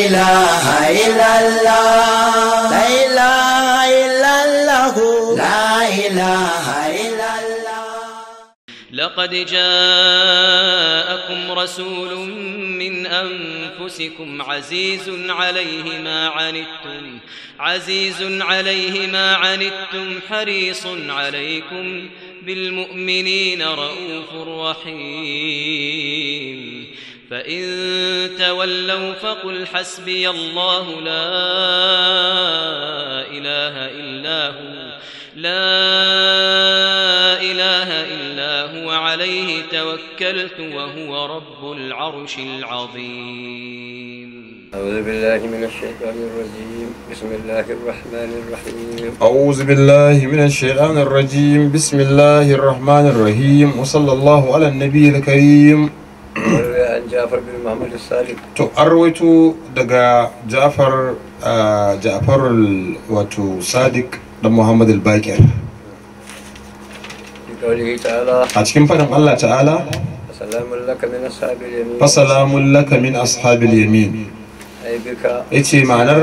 إله إلا الله لا إله إلا الله لا إله إلا الله لقد جاءكم رسول من أنفسكم عزيز عليه ما عنتم عزيز عليه ما عنتم حريص عليكم بالمؤمنين رؤوف رحيم فإن تولوا فقل حسبي الله لا إله إلا هو لا إله إلا هو عليه توكلت وهو رب العرش العظيم أعوذ بالله من الشيطان الرجيم بسم الله الرحمن الرحيم أعوذ بالله من الشيطان الرجيم بسم الله الرحمن الرحيم وصلى الله على النبي الكريم an jafar bin muhammad salih to an rawaito daga jafar jafar wato sadiq da muhammad al-bakir a cikin fadin allah ta'ala fasalamun laka min ashabil yamin ya ce ma'anar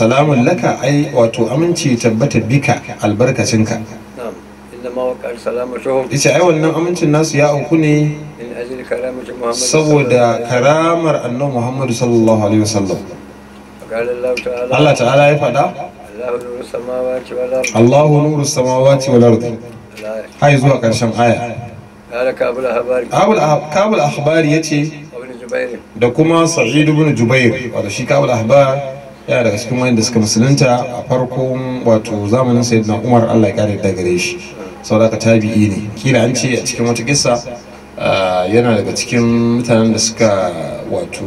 salamun laka ai wato aminci tabbata bika albarkacinka ya ce ai wannan amincin nasu ya auku ne saboda karamar annan muhammadu sallallahu alaihi wasallam Allah ta'ala ya faɗa Allah nuru samawati wal ardi hai zuwa karshen aya kabul ahbari ya ce da kuma sa'id ibn jubair wato shi kabul ahbar yana daga cikin wanda suka musulunta a farkon wato zamanin sayyidina umar Allah ya kare daga gare shi saboda ka tabi'i ne kila an ce a cikin wata kissa Ah, yana daga cikin mutanen da suka wato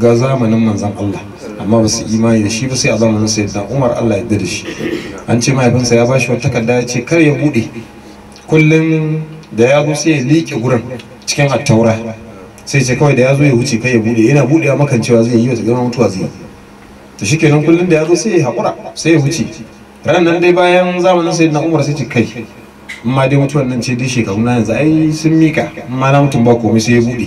ga zamanin manzan Allah amma ba su imani da shi ba sai a zamanin sai dan Umar Allah ya da shi an ce mahaifinsa ya bashi wata takarda ya ce kar ya bude kullum da ya zo sai ya liƙe gurin cikin attaura sai ce kawai da ya zo ya wuce kai ya bude yana budewa kan cewa zai yi wata gama mutuwa zai to shikenan kullum da ya zo sai ya haƙura sai ya wuce ran nan dai bayan zamanin sai dan Umar sai ce kai ma dai mutuwar nan ce dai shekaru na yanzu ai sun mika ma na mutum ba komai sai ya bude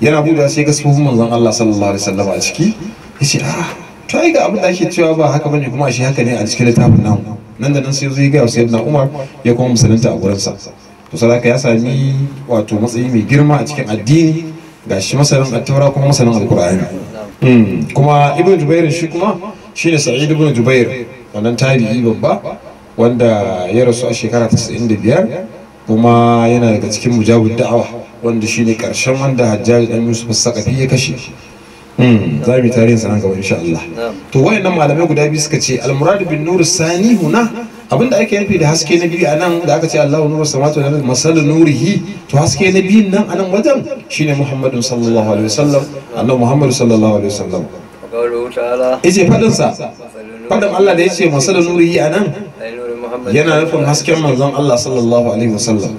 yana buɗe sai ga sufufin manzon Allah sallallahu alaihi wasallam a ciki ce a ah, to ai ga abin da ake cewa ba haka bane kuma shi haka ne a cikin littafin nan nan da nan sai zai ga sayyidina Umar ya kuma musulunta a gurin sa to sadaka ya sami wato matsayi mai girma a cikin addini gashi masalan at-taura kuma masalan al-Qur'ani hmm, kuma ibnu Jubair shi kuma shine Sa'id ibnu Jubair wannan tarihi babba wanda ya rasu a shekara 95 kuma yana daga cikin mujabin da'awa wanda shine karshen wanda hajjaji dan yusuf sakafi ya kashe hmm, za mu yi tarihin sanan gaba insha Allah to wayannan malamai guda biyu suka ce al-murad bin nur sani huna abinda ake nufi da haske na biyu anan da aka ce Allahu nuru Samatu, wal ardi masalun nurihi to haske na biyun nan anan wajen shine Muhammadu sallallahu alaihi wasallam annabi Muhammadu sallallahu alaihi wasallam qawluhu ta'ala ije fadin sa fadin Allah da yace masalun nurihi anan yana nufin hasken manzon Allah sallallahu alaihi wasallam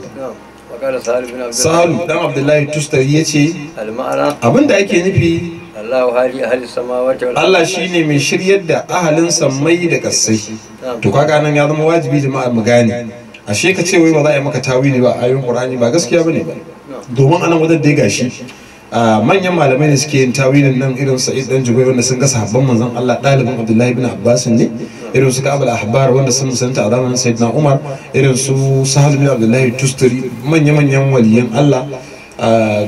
dan abdullahi tustari ya ce abinda ake nufi Allah shi ne mai shiryar da ahalin sammai da kasai to kaga ya zama wajibi jama'a mu gane ashe ka ce wai ba za a yi maka tawili ba ayoyin qur'ani ba gaskiya bane ba domin anan wajen ya gashi manyan malamai ne suke yin tawilin nan irin sa'id dan jubai wanda sun ga sahabban manzon Allah dalibin abdullahi ibn abbas ne irin su Ka'ab ahbar wanda sun musanta a zamanin Sayyidina Umar irin su Sahal bin Abdullahi Tustari manya-manyan waliyan Allah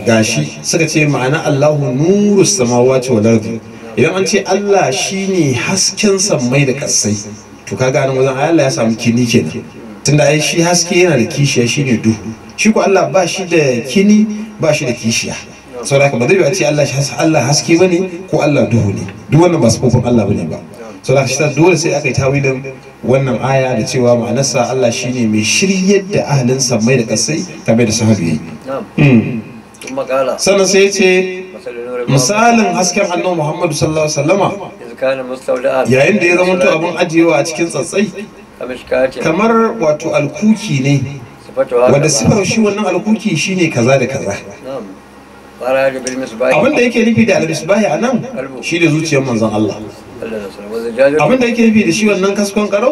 gashi suka ce ma'ana Allahu nuru samawati wal ardi idan an ce Allah shine hasken sammai da kasai to kaga nan wajen Allah ya samu kini kenan tunda ai shi haske yana da kishiya shine duhu shi ko Allah ba shi da kini ba shi da kishiya saboda haka ba zai ce Allah Allah haske bane ko Allah duhu ne duk wannan ba sufofin Allah bane ba saboda shi dole sai aka yi tawilin wannan aya da cewa ma'anarsa Allah shine mai shiryar da ahalin samai da kasai kamar da sahabi yayi hmm. sannan sai ce misalin hasken annabi Muhammadu sallallahu alaihi yayin da ya zama to abin ajiyewa a cikin tsatsai kamar wato alkuki ne wanda sifar shi wannan alkuki shine kaza da kaza abin da yake nufi da al-misbahi a nan shi da zuciyar manzon Allah abin da yake nufi da shi wannan kaskon karo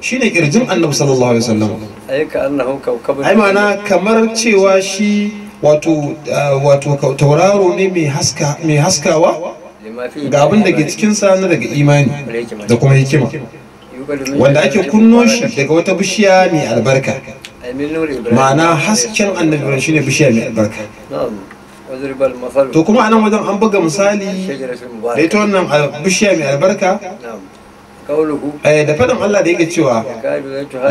shine kirjin annabi sallallahu alaihi wasallam ai ma'ana kamar cewa shi wato wato tauraro ne mai haska mai haskawa ga abin da ke cikin sa na daga imani da kuma hikima wanda ake kunno shi daga wata bishiya mai albarka ma'ana hasken annabi shine bishiya mai albarka to kuma a nan wajen an buga misali da ita wannan bishiya mai albarka eh, da faɗin Allah da yake cewa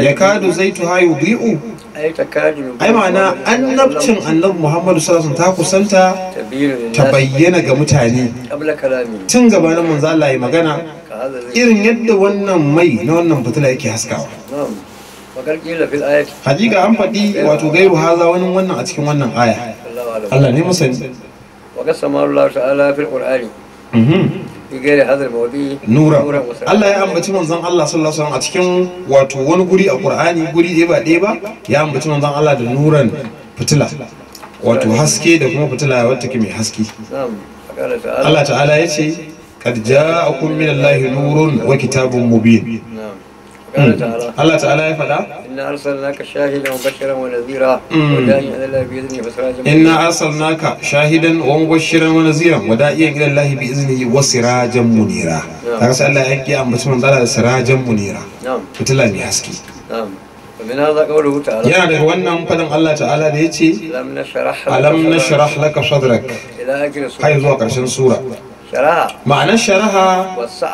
ya kadu zai tuha yudhi'u ai ma'ana annabcin annabi Muhammadu sallallahu ta kusanta ta bayyana ga mutane tun gabanin manzo Allah ya magana irin yadda wannan mai na wannan fitila yake haskawa hakika an faɗi wato gairu haza wani wannan a cikin wannan aya Allah ne musani wa samar Allah ala fil qur'ani mhm. gare hadar mawadi nura Allah ya ambaci manzon Allah sallallahu alaihi a cikin wato wani guri a Qur'ani guri ɗaya ba ɗaya ba ya ambaci manzon Allah da nuran fitila wato haske da kuma fitila ya ke mai haske Allah ta'ala ya ce qad ja'akum min Allahi nurun wa kitabun mubin Allah ta'ala ya faɗa inna arsalnaka shahidan wa bashiran wa nadhira wa da'iyan ila Allah bi iznihi wa sirajan inna arsalnaka shahidan wa mubashiran wa nadhira wa da'iyan ila Allah bi iznihi wa sirajan munira kaga sai Allah ya ki ambaci manzala da sirajan munira fitila mai haske yana da wannan fadin Allah ta'ala da ya ce alam nashrah laka sadrak zuwa ƙarshen sura ma'anar sharaha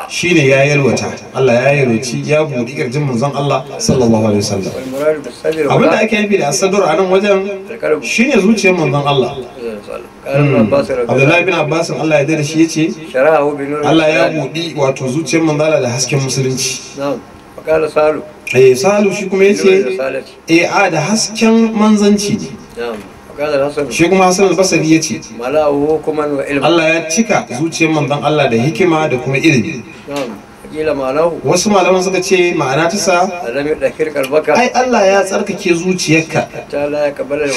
shine ya yalwata Allah ya yalwaci ya buɗi ƙirjin manzon Allah sallallahu alaihi wasallam abin da ake nufi da asadur a nan wajen shine zuciyar manzon Allah hmm. Abdullahi bin Abbas Allah ya da shi yace Allah ya buɗi wato zuciyar manzon Allah da hasken musulunci eh salu shi kuma yace eh a da hasken manzanci ne shi kuma al basari ya ce Allah ya cika zuciyar manzon Allah da hikima da kuma ilimi wasu malaman suka ce ma'ana ta sa ai Allah ya tsarkake zuciyarka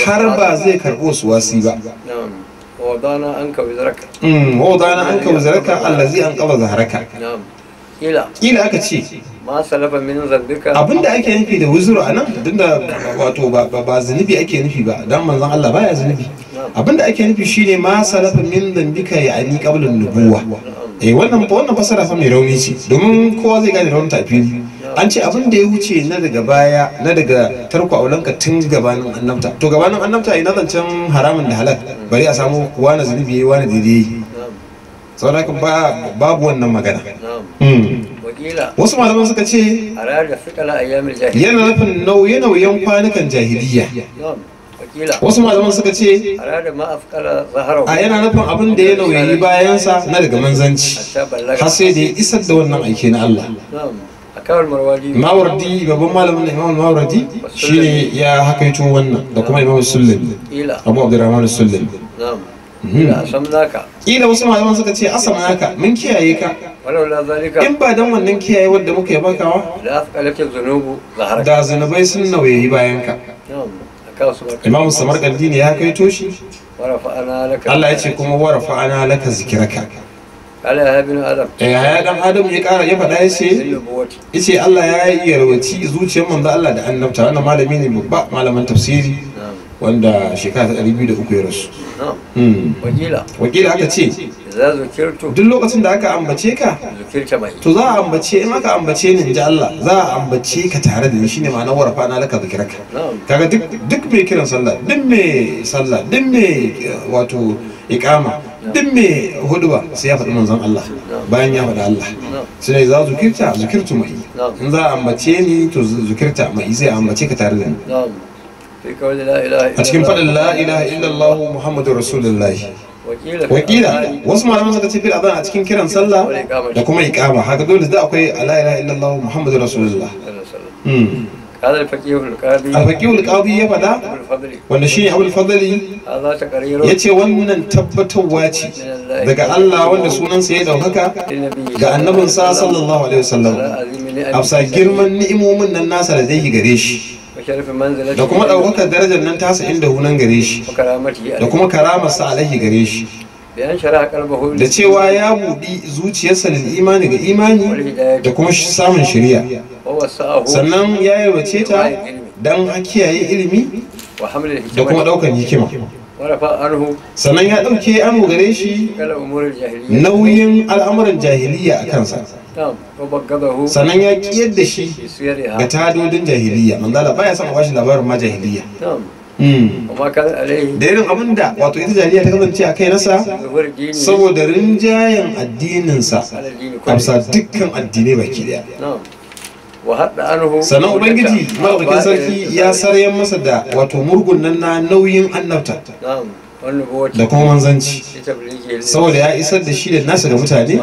har ba zai karɓo su wasi ba dana an ka wuzaraka allazi an ƙaba zaharaka ƙila aka ce ma salafa min zambika abinda ake nufi da wuzuru nan, tunda wato ba zunubi ake nufi ba dan manzon Allah baya zunubi abinda ake nufi shine ma salafa min zambika yani qabla nubuwa eh wannan wannan fasara fa mai rauni ce domin kowa zai gane raunin fili an ce abin da ya wuce na daga baya na daga tarko aulanka tun gabanin annabta to gabanin annabta ina zancen haramun da halal bari a samu wani zunubi wani daidai saboda haka babu wannan magana wasu malaman suka ce yana nufin nauye-nauyen kwanukan jahiliya wasu malaman suka ce a yana nufin abin da ya nauyi bayansa na daga manzanci har sai da ya isar da wannan aiki na Allah mawardi babban malamin na imam mawardi shine ya hakaito wannan da kuma imam sullum abu abdurrahman sullum ina sam naka kila wasu malaman suka ce asam naka mun kiyaye ka walaula zalika in ba dan wannan kiyaye wanda muka yi bakawa da alaka zunubu zahara da zunubai sun nauyi bayan ka imam samarkandi ne ya kai toshi Allah ya ce kuma warafa ana laka zikiraka Allah ya bin adam eh ya dan adam ya kara ya faɗa ya ce yace Allah ya yi yarwaci zuciyar manzo Allah da annabta wannan malami ne babba malaman tafsiri wanda shekara ta da uku ya rasu hmm. wakila wakila aka ce za zukirtu duk lokacin da aka ambace ka zukirta bai to za a ambace in aka ambace ni inji Allah za a ambace ka tare da ni shine ma'anar warafa na laka zikirka kaga duk duk mai kiran sallah duk mai sallah duk mai eh, wato iqama duk mai huduba sai ya faɗi manzon Allah bayan ya faɗi Allah sai ne za zukirta zukirtu mai in za a ambace ni to zukirta mai sai a ambace ka tare da ni a cikin faɗin la illallahu muhammadu rasulullahi wakila wasu malaman suka ce fil a cikin kiran sallah da kuma iqama haka dole da akwai la ilaha illallah muhammadu rasulullah A الفقيه القاضي الفقيه القاضي يا فدا wanda shine abul ya ce wannan tabbatarwa ce daga Allah wanda sunansa ya daukaka ga annabin sa sallallahu alaihi wasallam afsa girman ni'imomin nan nasa da zai gare shi da kuma ɗaukakar darajar nan tasa inda hunan gare shi da kuma karamar sa alaihi gare shi da cewa ya buɗi zuciyarsa da imani ga imani da kuma samun shari'a sannan ya yi wace ta don kiyaye ilimi da kuma ɗaukar hikima sannan ya ɗauke anhu gare shi nauyin al'amuran jahiliya a kansa sannan ya kiyar da shi ga tadodin jahiliya manzala baya son bashi labarin ma jahiliya hmm. da irin abin da wato ita jahiliya ta kasance a kai nasa saboda rinjayen addininsa amsa dukkan addinai baki daya sannan ubangiji maɗaukakin sarki ya sarayen masa da wato murgun nan na nauyin annabta da kuma manzanci saboda ya isar da shi da nasa ga mutane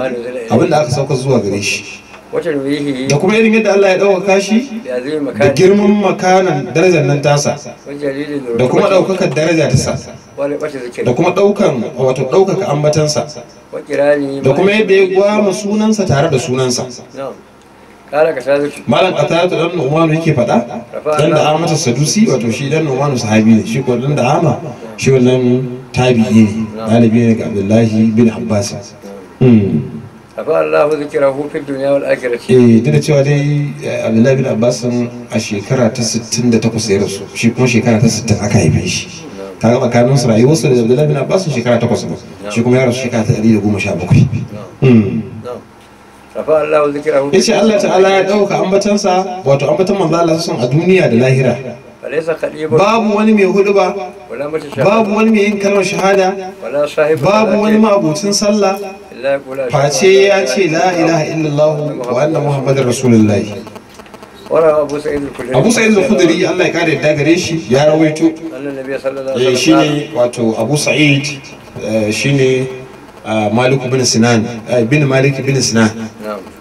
abinda aka sauka zuwa gare shi da kuma irin yadda Allah ya ɗaukaka shi da girman makanan darajar nan tasa da kuma ɗaukakar daraja ta sa da kuma ɗaukan wato ɗaukaka ambatansa da kuma yadda ya gwama sunansa tare da sunansa malam qatada dan umanu yake faɗa dan da amata sadusi wato shi dan umanu sahabi ne shi ko dan da ama shi wannan tabi'i ne dalibi ne ga abdullahi bin abbas hmm. afa Allah zikirahu fi dunya wal akhirati eh duk da cewa dai eh, abdullahi bin abbas a shekara ta 68 ya rasu shi kuma shekara ta 60 aka haife shi kaga tsakanin su rayuwarsa da abdullahi bin abbas shekara 8 shi kuma ya rasu shekara ta 117 mm safa Allah Allah ta'ala ya ɗauka ambatansa wato ambatan manzo Allah sun a duniya da lahira babu wani mai hudu ba babu wani mai yin kalmar shahada babu wani ma'abucin sallah face ya ce la ilaha illallah wa anna muhammadar rasulullahi abu sa'id al-khudri Allah ya kare yadda gare shi ya rawaito eh shine wato abu sa'id eh, shine ah, malik bin sinan eh, bin malik bin sinan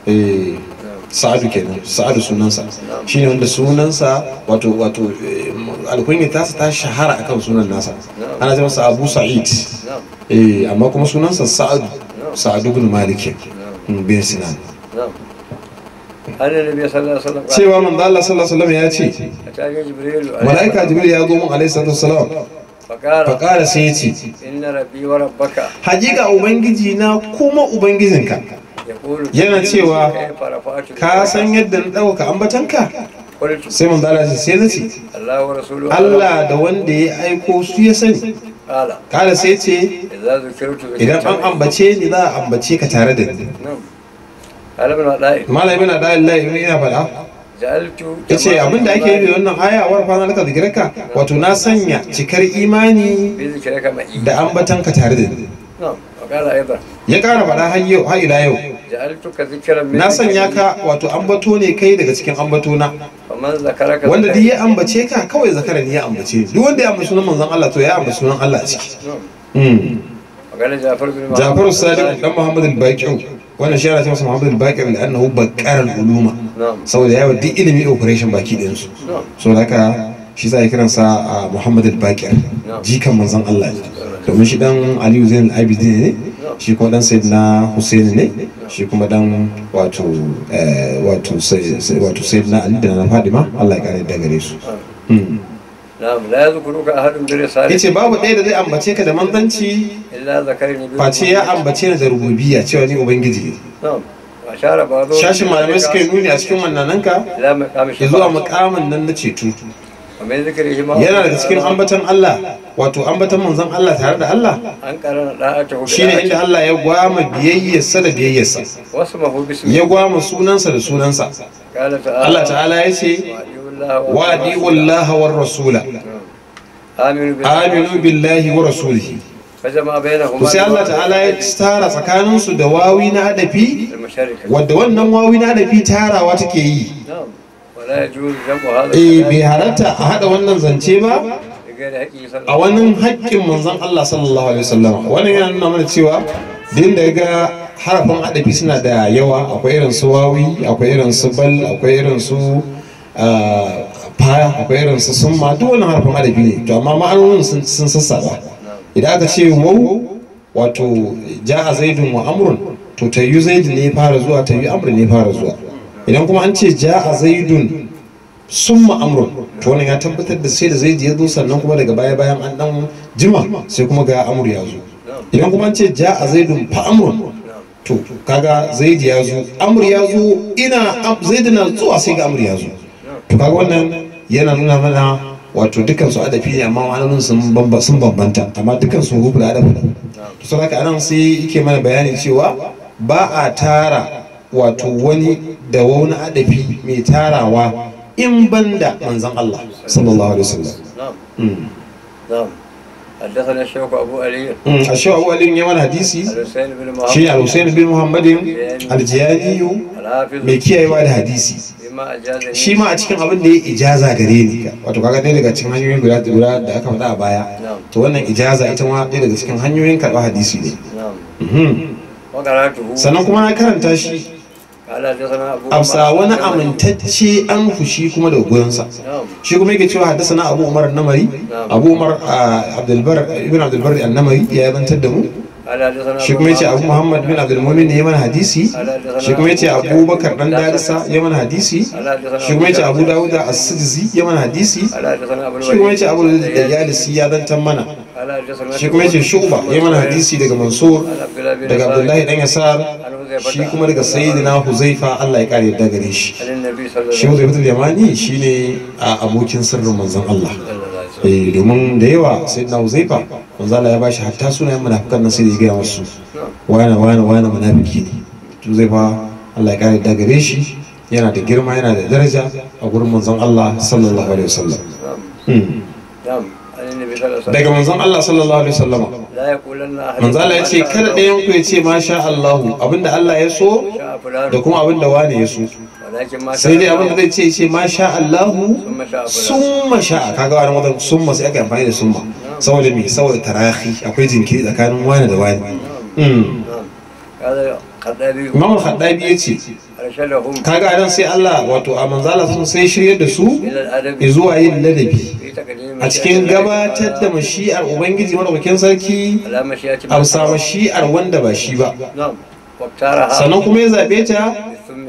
Eh, sa'adu kenan sa'adu sunansa shine wanda sunansa wato wato eh, alkunya ta ta shahara akan sunan nasa ana ce masa abu sa'id eh amma kuma sunansa sa'adu Sa'ad ibn malik hmm, bin sinan cewa manzo Allah sallallahu alaihi ya ce malaika jibril ya zo mun alaihi salatu wasalam fakara sai ya ce hakika ubangiji na kuma ubangijinka yana cewa ka san yadda na ɗauka ambatanka sai zala Allah sai na ce Allah da wanda ya aiko su ya sani kala sai ce idan an ambace ni za a ambace ka tare da ni malam ibn adai Allah ibn ina fada ya ce abinda ake yi wannan aya wa fana laka zikirka wato na sanya cikar imani da ambatanka tare da ni ya kara fada har yau har ila yau na sanya ka wato ambato ne kai daga cikin ambato na wanda duk ya ambace ka kawai zakara ne ya ambace duk wanda ya ambace sunan manzon Allah to ya ambace sunan Allah ciki hmm. Jafaru Sadiq dan Muhammad al-Baqir wannan shi ya ce masa Muhammad al-Baqir da annahu baqar al-uluma saboda yawa duk ilimi operation baki din su so haka shi sai kiran kiransa ah, Muhammad al-Baqir jikan manzon Allah domin shi dan Aliyu Zainal Abidin ne shi kuma dan sayyidina Husaini ne shi kuma dan wato eh, wato wato sayyidina Ali da na Fadima Allah ya kare da gare su hmm. ya ce babu ɗaya da zai ambace ka da manzanci face ya ambace ni da rububiyya cewa ni ubangiji ne. shashin malamai suka yi nuni a cikin nanka ya zuwa mukamin nan na ceto yana da cikin ambatan Allah wato ambatan manzon Allah tare da Allah shine inda Allah ya gwama biyayyarsa da biyayyarsa ya gwama sunansa da sunansa Allah ta'ala ya ce wa Allah war rasula aminu billahi wa rasulihi Ku sai Allah ta'ala ya tara tsakaninsu da wawi na adafi wadda wannan wawi na adafi tarawa take yi eh bai halatta a haɗa wannan zance ba a wani haƙƙin manzon Allah sallallahu alaihi wasallam wannan yana nuna mana cewa din da ga harafin adabi suna da yawa akwai irin su wawi akwai irin su bal akwai irin su ah, fa akwai irin su summa duk wannan harafin adabi ne to amma ma'anonin sun sassaba idan aka ce wau wato ja'a zaidun wa amrun to tayyu zaid ne fara zuwa tayyu amr ne fara zuwa idan kuma an ce ja a zaidun summa amrun to wani ya tabbatar da sai da ji ya zo sannan kuma daga baya bayan an dan jima sai kuma ga amur ya zo idan kuma an ce ja a zaidun fa amrun to kaga zaidi ya zo amur ya zo ina zaidi na zuwa sai ga amur ya zo to kaga wannan yana nuna mana wato dukkan su adafi ne amma wani sun bamba sun bambanta amma dukkan su hukun adafi to saboda haka anan sai yake mana bayani cewa ba a tara wato wani da wani adafi mai tarawa in banda manzan Allah sallallahu alaihi wasallam na'am حدثنا الشيخ ابو علي الشيخ ابو علي يمن حديثي شيخ الحسين بن محمد الجياني mai kiyayewa da hadisi shi ma a cikin abin da ya ijaza gare ni wato kaga ɗaya daga cikin hanyoyin guda guda da aka faɗa a baya to wannan ijaza ita ma ɗaya daga cikin hanyoyin karɓar hadisi ne mhm. sannan kuma na karanta shi amsa wani amintacce an fushi kuma da goyonsa shi kuma yake cewa haddasa na abu umar namari abu umar uh, abdulbar ibn abdulbar namari ya yabantar da mu shi kuma yace abu muhammad bin abdul mumin ne yaman hadisi shi kuma yace abu bakar dan darisa yaman hadisi shi kuma yace abu dawuda as-sijzi yaman hadisi shi kuma yace abu da yalisi ya zantan mana shi kuma yace shuba ya mana hadisi daga mansur daga abdullahi dan yasar shi kuma daga sayyidina huzaifa Allah ya kare da gare shi shi huzaifa yamani shine a abokin sirrin manzon Allah eh domin da yawa sayyidina huzaifa manzon Allah ya bashi hatta sunayen munafikan nan sai ya gaya musu wani wani wani munafiki ne zai ba Allah ya kare da gare shi yana da girma yana da daraja a gurin manzon Allah sallallahu alaihi wasallam hmm. daga manzon Allah sallallahu alaihi wasallama manzo Allah ya ce kada ɗaya yanku ya ce masha Allah abinda Allah ya so da kuma abinda wani ya so sai dai abinda zai ce ce masha Allah summa sha kaga wani wadan summa sai aka amfani da summa saboda me saboda tarahi akwai jinkiri tsakanin wani da wani hmm. Imam Khaddabi ya ce kaga anan sai Allah wato a manzala sun sai shirye da su zuwa yin ladabi a cikin gabatar da mashi'ar ubangiji madaukakin sarki amsa mashi'ar wanda ba shi ba sannan kuma ya zaɓe ta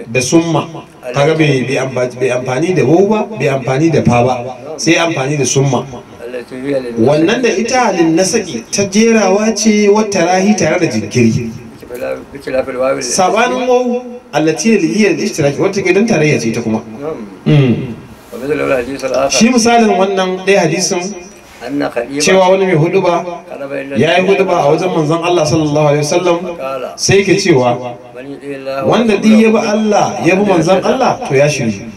da summa kaga bai amfani da wau ba bai amfani da fa ba sai amfani da summa wannan da ita halin nasaki ta jerawa ce wata rahi tare da jinkiri sabanin wau allati liyar da ishtiraki wata gidan tarayya ce ta kuma shi misalin wannan ɗaya hadisin cewa wani mai huduba ya yi huduba a wajen manzan Allah sallallahu alaihi wasallam sai ke cewa wanda duk ya bi Allah ya bi manzan Allah to ya shiri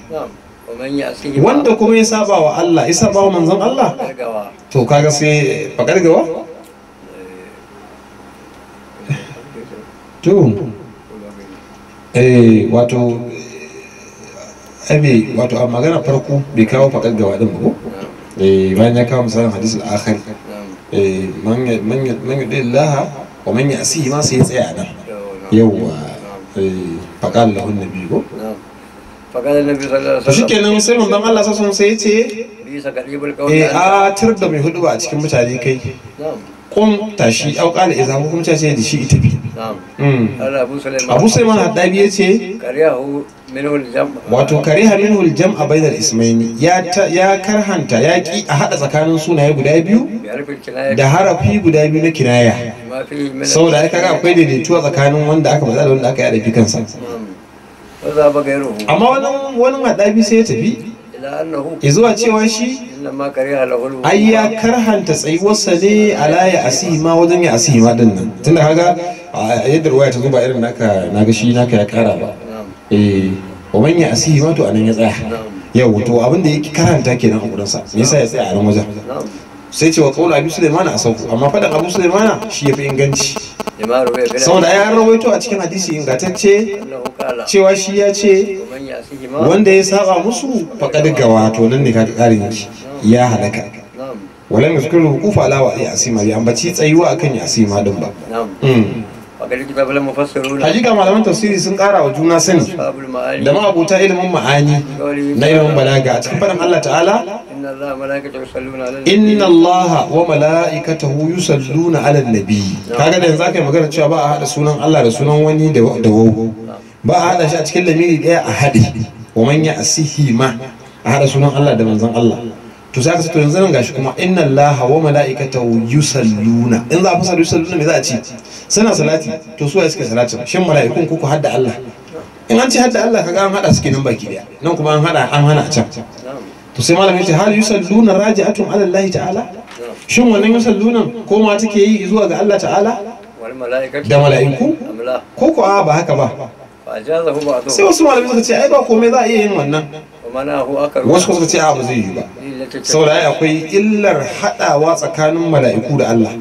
wanda kuma ya saba wa Allah ya saba wa manzan Allah to kaga sai fakar gawa eh. to eh wato Abi wato a magana farko bai kawo faɗar gawa ɗin ba ko eh, bayan ya kawo misalin hadisul akhari eh, man yudi Allah wa man yasihi ma sai ya tsaya nan yawa eh, faqala lahu nabi ko faqala nabi sallallahu alaihi wasallam sai mun dan Allah sassun sai ce eh a tir da mai hudu a cikin mutane kai kun tashi au qala kuma hukum tashi da shi ita bi hmm. abu sulaiman haddabi yace ce. wato kare haminul jam'a bainal ismaini ya karhanta ya ki a hada tsakanin sunaye guda biyu da harafi guda biyu na kinaya saboda ya kaga akwai a tsakanin wanda aka maza da wanda aka yi kansa hmm. amma wani haɗabi sai ya tafi ya zuwa cewa shi ai ya karhanta tsayuwarsa ne ala ya asima wajen ya asima din nan tunda kaga yadda ruwaya ta zuba irin naka naga shi naka ya kara ba eh wa man ya'sihi ma to anan ya tsaya yau to abin da yake karanta kenan a gurin sa me yasa ya tsaya a nan wajen sai ce wa qawlu abi sulaiman a sauku amma fadan abu sulaiman shi yafi inganci da ya rawaito a cikin hadisi ingantacce cewa shi ya ce wanda ya saba musu faqad gawa to nan ne karin yake ya halaka walam yazkuru hukufa ala wa yasima bi ambaci tsayuwa akan asima din ba Hakika malaman tafsiri sun kara wa juna sani da ma'abuta ilimin ma'ani na yawan balaga a cikin fadin Allah ta'ala. Inna Allah wa mala'ikatahu yusalluna ala nabi. Kaga da yanzu aka yi magana cewa ba a haɗa sunan Allah da sunan wani da wau Ba a haɗa shi a cikin lamiri ɗaya a haɗe. Wa manya asihi ma a haɗa sunan Allah da manzon Allah. to za aka sato yanzu nan gashi kuma inna allaha wa mala'ikatahu yusalluna in za a fasa yusalluna me za a ce suna salati to su waye suke salati shin mala'ikun kuku hadda Allah in an ce hadda Allah kaga an hada suke nan baki daya nan kuma an hada an hana can to sai malamin ce hal yusalluna raji'atun ala Allah ta'ala shin wannan yusallunan ko ma take yi zuwa ga Allah ta'ala da mala'iku ko ko a ba haka ba sai wasu malamin suka ce ai ba komai za a iya yin wannan wasu suka ce a ba zai yi ba saboda akwai illar haɗawa tsakanin mala'iku da Allah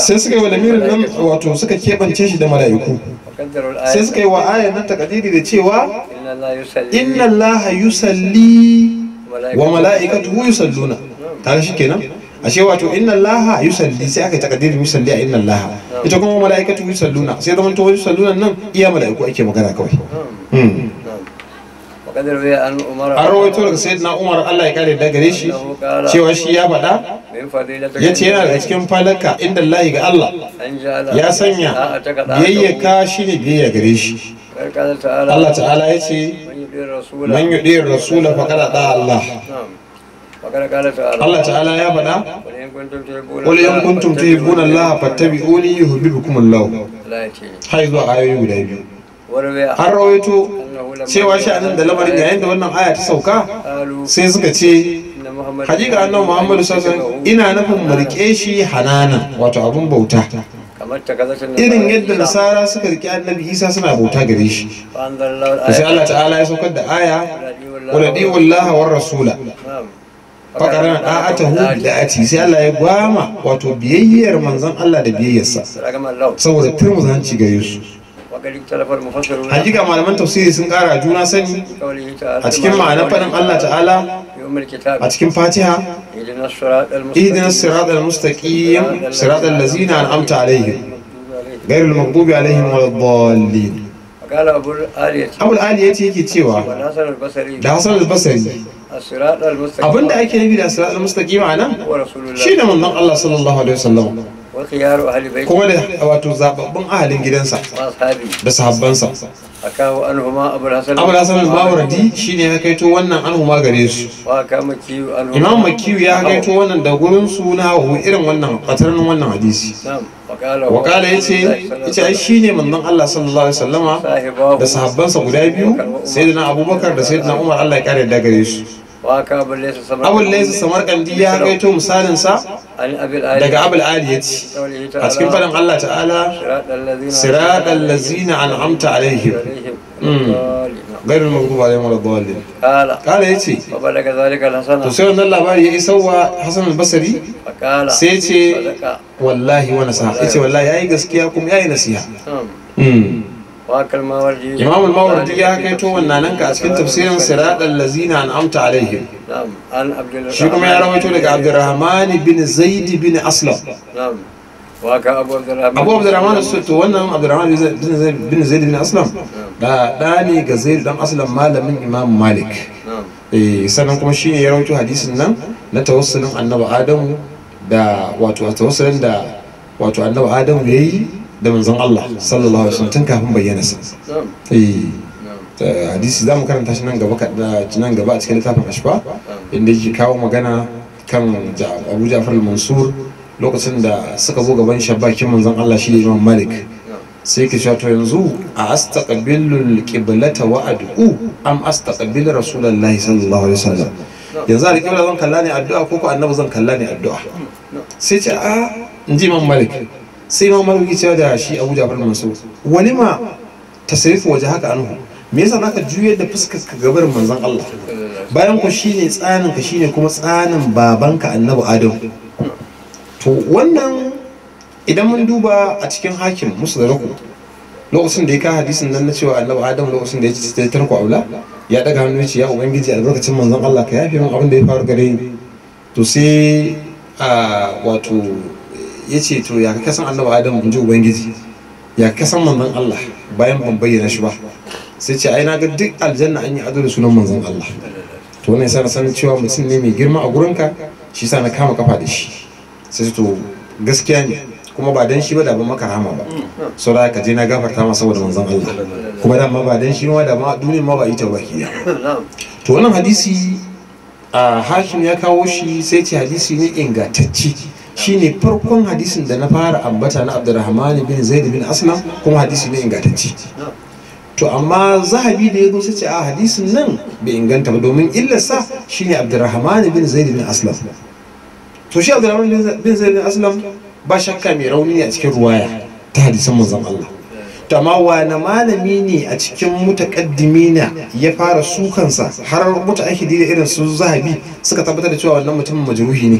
sai suka yi wa lamirin nan wato suka keɓance shi da mala'iku sai suka yi wa ayan nan takadiri da cewa inna Allah yusalli wa mala'ikatuhu yusalluna Ta shi kenan ashe wato inna Allah yusalli sai aka takadiri yusalli a inna Allah ita kuma mala'ikatuhu yusalluna sai yi to yusalluna nan iya mala'iku ake magana kawai hmm. kadar bai an umar rawaito daga sayyidina umar Allah ya kare da gare shi cewa shi ya faɗa ya ce yana daga cikin falaka inda Allah ga Allah ya sanya biyayyaka shi ne ya gare shi Allah ta'ala ya ce man ɗiyar rasula faqad da Allah Allah ta'ala ya faɗa wani yan kuntum tuhibbuna Allah fattabi'uni yuhibbukum lau har zuwa ayoyi guda biyu har rawaito cewa shi nan da lamarin yayin da wannan aya ta sauka sai suka ce hakika annabi muhammadu sallallahu ina nufin marke shi hanana wato abun bauta irin yadda nasara suka riƙe annabi isa suna bauta gare shi sai allah ta'ala ya saukar da aya wa wallaha war rasula fakaran da ati, sai Allah ya gwama wato biyayyar manzon Allah da biyayyarsa saboda turmuzanci gare su hakika malaman tafsiri sun kara juna sani a cikin ma'anar faɗin Allah ta'ala a cikin fatiha idina sirat al-mustaqim lazina an'amta alaihim ghairul maghdubi alaihim waladdallin abu al-ali yake cewa da hasan al-basri abinda ake nufi da sirat al-mustaqim anan shine manzon Allah sallallahu alaihi Kuma أهل a wato واتو ahalin gidansa da sahabbansa a kawo an huma abu abu hasan al-mawardi shine ya kaito wannan alhuma gare su imam makiyu ya kaito wannan da gurin su na hu irin wannan katarnin wannan hadisi ya ce yace yace shi ne mandan Allah sallallahu alaihi wasallama da sahabbansa guda biyu na abubakar da na umar Allah ya kare da gare su waka abul laysa samarkandi ya gaito misalin sa daga abul ali yace a cikin faɗin Allah ta'ala siratal ladzina an'amta alaihim غير المغضوب عليهم ولا الضالين قال قال يتي Kala ya ce, to sai wannan labari ya isa isawa Hassan al-Basri sai ce, wallahi wa nasiha yace wallahi ya yi gaskiya kuma yayi nasiha hmm. Hmm. imam al-mawardi ya kai to wannan ka a cikin tafsirin siradal lazina an'amta alaihim shi kuma ya rawaito daga abdurrahman bin zaid bin aslam abu abdurrahman su to wannan abdurrahman bin zaid bin aslam da da ne ga zaid dan aslam malamin imam malik eh sannan kuma ne ya rawaito hadisin nan na tawassulin annabi adamu da wato tawassulin da wato annabi adamu yayi da manzon Allah sallallahu alaihi wasallam tun kafin bayyana sa eh hadisi zamu karanta shi nan gaba nan gaba a cikin littafin ashfa inda yake kawo magana kan Abu Ja'far al-Mansur lokacin da suka zo gaban shabakin manzon Allah shi ne Imam Malik sai ki cewa to yanzu a astaqbilul qiblata wa ad'u am astaqbilu rasulullahi sallallahu alaihi wasallam yanzu alƙibla zan kalla ne addu'a ko ko annabi zan kalla ne addu'a sai ce a ah, inji Imam Malik sai ma maliki cewa da shi abu jafar mansur wani ma tasrif waje haka anhu me yasa naka juyar da fuskar ka gabar manzon Allah bayan ku shine tsanin ka shine kuma tsanin babanka annabi adam to wannan idan mun duba a cikin hakim musu da rako lokacin da ya ka hadisin nan na cewa annabi adam lokacin da ya ci ta ku aula ya daga hannu ya ce ya ubangiji albarkacin manzon Allah ka yafe min abin da ya faru gare ni to sai a ah, wato ya ce to ya ka san annabi adam in ji ubangiji ya ka manzon Allah bayan ban bayyana shi ba sai ce ai na ga duk aljanna an yi ado da sunan manzon Allah to wannan yasa na san cewa mutum ne mai girma a gurinka shi sa na kama kafa da shi sai to gaskiya ne kuma ba dan shi ba da ban maka rahama ba saboda ka je na gafarta ma saboda manzon Allah kuma da ma ba dan shi ma da ma duniyar ma ba ita ba kiya to wannan hadisi a ah, Hashim ya kawo shi sai ce hadisi ne ingantacce shine farkon hadisin da na fara ambata na abdurrahman bin zaid bin aslam kuma hadisi ne ingantacce to amma zahabi da ya gusa ce a ah, hadisin nan bai inganta ba domin illarsa shine abdurrahman bin zaid bin aslam to shi abdurrahman bin zaid bin aslam ba shakka mai rauni ne a cikin ruwaya ta hadisan manzon Allah ma amma wani malami ne a cikin mutakaddimi na ya fara sukansa har mutu ake da irin su zahabi suka tabbatar da cewa wannan mutumin majruhi ne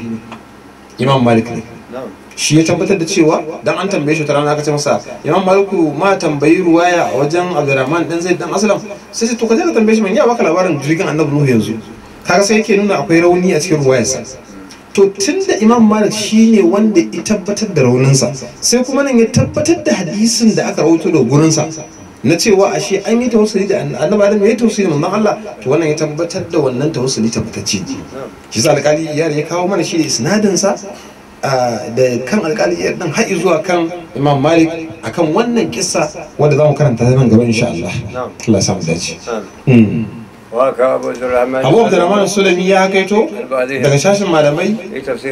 imam malik ne shi ya tabbatar da cewa dan an tambaye shi ta rana aka ce masa imam maliku ma tambayi ruwaya a wajen abdurrahman dan zaid dan aslam sai sai to kaje ka tambaye shi man ya baka labarin jirgin annabi nuhu yanzu kaga sai yake nuna akwai rauni a cikin ruwayarsa to tunda imam malik shine wanda ya tabbatar da rauninsa sai kuma nan ya tabbatar da hadisin da aka rawaito da gurinsa na cewa ashe an yi tawassuli da annabi adam ya yi tawassuli mun Allah to wannan ya tabbatar da wannan tawassuli tabbatacce shi sa alƙali iyar ya kawo mana shi da sa da kan alƙali iyar dan har zuwa kan Imam Malik akan wannan kissa wanda zamu karanta ta nan gaba insha Allah Allah ya samu dace abu abdurrahman sulami ya kai to, daga shashin malamai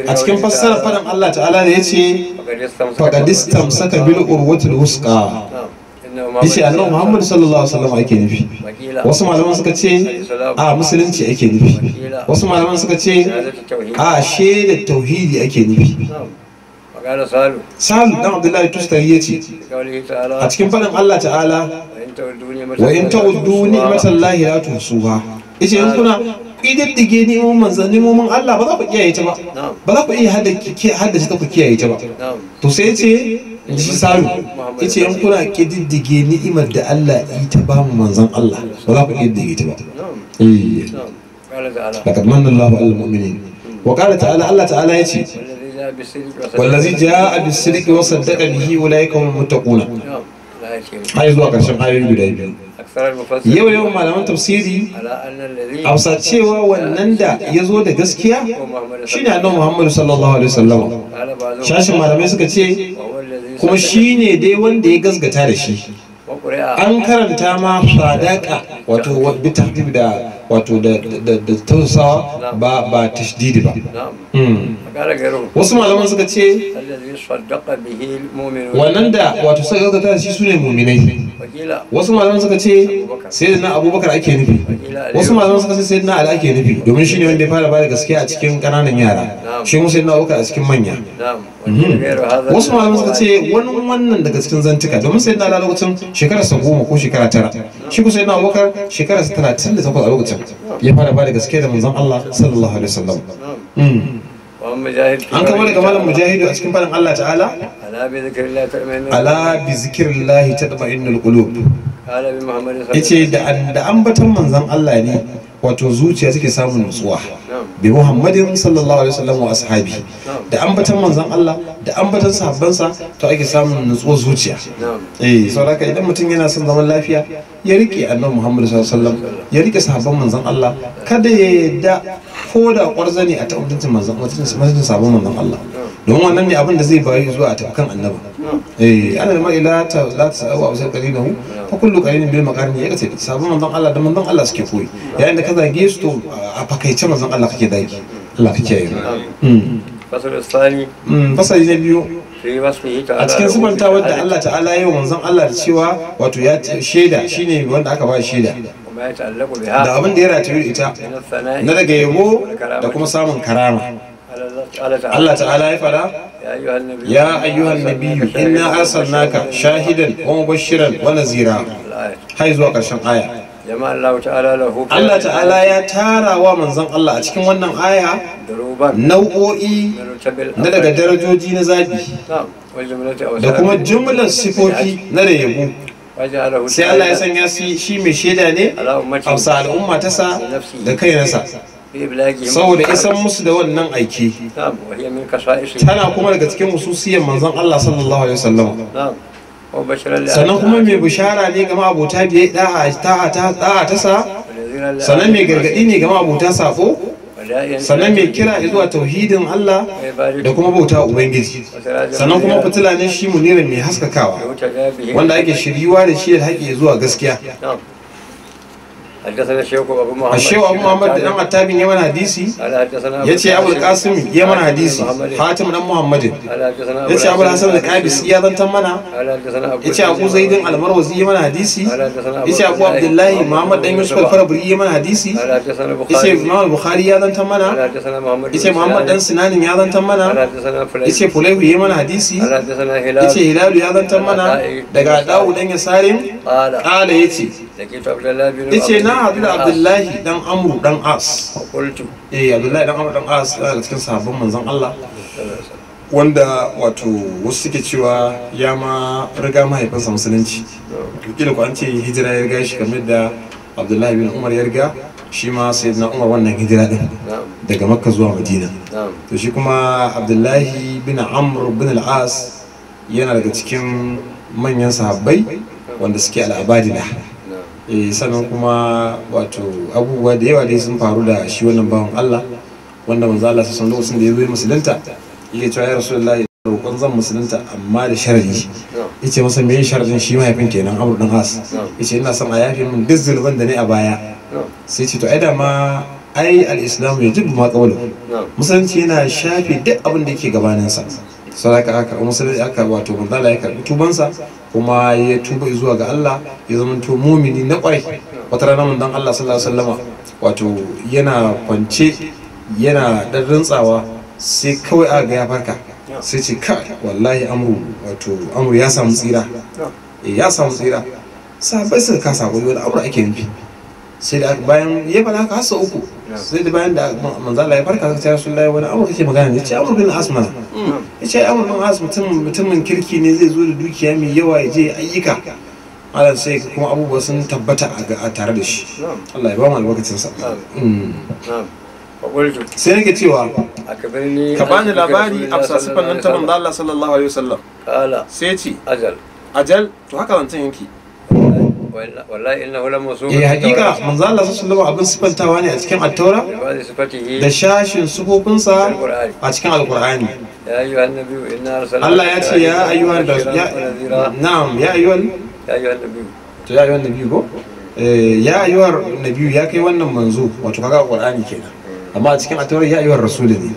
a cikin fassarar fadan allah ta'ala da ya ce faƙadistam saka bil urwatul wuska yace annabi Muhammad sallallahu alaihi wasallam ake nufi wasu malaman suka ce a musulunci ake nufi wasu malaman suka ce a shaidar tauhidi ake nufi salu dan abdullahi tustar ya ce a cikin fadin allah ta'ala wa in ta wudu ni'matallahi la ba. yace in kuna ni neman manzanni mun allah ba za ku kiyaye ta ba ba za ku iya haddace ta ku kiyaye ta ba to sai ce ji salu ya ce kuna ƙididdige ni'imar da Allah yi ta ba mu manzan Allah ba za ku ƙididdige ta ba eh. da kamar Allah ba Allah mu'mini wa ƙara ta'ala Allah ta'ala ya ce wallazi ji ya abu sirki wasan daga bihi wula ya kama mutakuna har zuwa ƙarshen ayoyi guda biyu yau yau malaman tafsiri a wasa cewa wannan da ya zo da gaskiya shi ne annan muhammadu sallallahu alaihi wasallam shashin malamai suka ce kuma shi ne dai wanda ya gasgata da shi an karanta ma sadaka wato bitar da wato da tausawa ba ba tashdidi ba hmm. wasu malaman suka ce wannan da wato ga ta shi sune muminai wasu malaman suka ce sai na abubakar ake nufi wasu malaman suka ce sai na ali ake nufi domin shi ne wanda ya fara bada gaskiya a cikin ƙananan yara shi musu yana wuka a cikin manya mhm. wasu malamin suka ce wani wannan daga cikin zantuka domin sai na shekarar sa goma ko shekara tara shi kusa yana sa tara tun da takwas a lokacin ya fara ba da gaske da manzon Allah sallallahu alaihi wasallam hmm. an kama daga malam mujahidu a cikin faɗin Allah ta'ala ala bi zikirillahi tadma'innul qulub yace da da ambatan manzan Allah ne wato zuciya suke samun nutsuwa bi muhammadin sallallahu alaihi wasallam wa ashabi da ambatan manzon Allah da ambatan sahabansa, to ake samun nutsuwar zuciya eh saboda idan mutum yana son zaman lafiya ya rike annabi muhammad sallallahu alaihi wasallam ya rike sahabban manzon Allah kada ya yadda ko da kwarzani a ta mutuncin manzon mutuncin sabon manzon Allah don wannan ne abin da zai bayu zuwa kan annabi eh ana da ma'ila ta la ta sa'u abu sai qalilan fa kullu qalilin bil maqarni ya kace sabon manzon Allah da manzon Allah suke koyi yayin da ka zage su to a fakaice manzon Allah kake daki Allah kake yi hmm. fasal sani hmm, fasal na a cikin sifanta wadda Allah ta'ala yi wa manzon Allah da cewa wato ya shaida shine wanda aka ba shaida da abin da ya rataye ita na daga yabo da kuma samun karama Allah ta'ala ya fara ya ayyuhan nabiyyu inna arsalnaka shahidan wa mubashiran wa nazira hai zuwa karshen aya Allah ta'ala ya tara wa manzon Allah a cikin wannan aya nau'o'i na daga darajoji na zabi da kuma jumlar sifofi na da yabo sai Allah ya sanya shi mai shaida ne a al'umma sa da kai nasa saboda isan musu da wannan aiki tana kuma daga cikin hususiyar manzon Allah sallallahu alaihi wasallam sannan kuma mai bishara ne gama abota da ya da'a ta tasa sannan mai gargadi ne gama abota safo sannan mai kira zuwa tauhidin Allah da kuma bauta ubangiji sannan kuma fitila ne shi munira mai haskakawa wanda ake shiriwa da shi da haƙi zuwa gaskiya حدثنا الشيخ ابو محمد الشيخ ابو محمد دان عتاب يمن حديثي يتي ابو القاسم يمن حديثي حاتم دان محمد يتي ابو الحسن القابس يا زنتن منا يتي ابو زيد المروزي يمن حديثي يتي ابو عبد الله محمد دان يوسف الفربري يمن حديثي يتي امام البخاري يا زنتن منا يتي محمد دان سنان يا زنتن منا يتي فليح يمن حديثي يتي هلال ya zantar mana daga dawo dan ya sarin ƙala ya ce ya ce na na hadu da abdullahi dan amru dan as eh abdullahi dan dan as daga cikin sahabban manzon Allah wanda wato wasu suke cewa ya ma riga mahaifinsa musulunci kila ku an ce hijira ya riga shi kamar da abdullahi bin umar ya riga shi ma sayyidina umar wannan hijira din daga makka zuwa madina to shi kuma abdullahi bin amr bin al-as yana daga cikin manyan sahabbai wanda suke na e sannan kuma wato abubuwa da yawa dai sun faru da shi wannan bawan Allah wanda manzo Allah sun lokacin da ya zo musulunta yake cewa ya rasulullahi roƙon zan musulunta amma da sharadi yace masa me sharadin shi mahaifin kenan abu dan As yace ina son a yafe min duk da ne a baya sai ce to ai da ma ai al-islamu yajibu ma qawlu musulunci yana shafe duk abin da yake gabaninsa sa sadaka aka musulmi aka wato manzala ya karbi tubansa kuma ya tuba zuwa ga Allah ya zama to mumini na kwai wata rana manzon Allah sallallahu alaihi wasallama wato yana kwance yana dan rantsawa sai kawai aka ga ya farka sai ce ka wallahi amru wato amru ya samu tsira eh, ya samu tsira sai suka kasa wani wani amru ake nufi sai da bayan ya faɗa haka hasa uku sai da bayan da manzala ya farka sai ya sullahi wani abu kake magana ya ce amur bin asma mana hmm. ya ce amur bin as mutumin kirki ne zai zo da dukiya mai yawa ya je ayyuka malam sai kuma abubuwa sun tabbata a tare da shi Allah ya ba mu albarkacin sa hmm. sai nake cewa ka bani labari a sifan nan ta manzala sallallahu alaihi wasallam sai ce ajal ajal to haka zancen yanki wallahi innahu lamu su eh hakika manzo Allah sallallahu alaihi abin sifantawa ne a cikin at-taura da shashin sufofinsa a cikin alqur'ani ya ayyuhan nabiyyu inna arsalna Allah ya ce ya ayyuhan na'am ya ayyuhan ya ayyuhan nabiyyu to ya ayyuhan nabiyyu ko eh, ya ayyuhar nabiyu ya kai wannan manzo wato kaga qur'ani kenan amma a cikin atawar ya ayyuhar rasul ne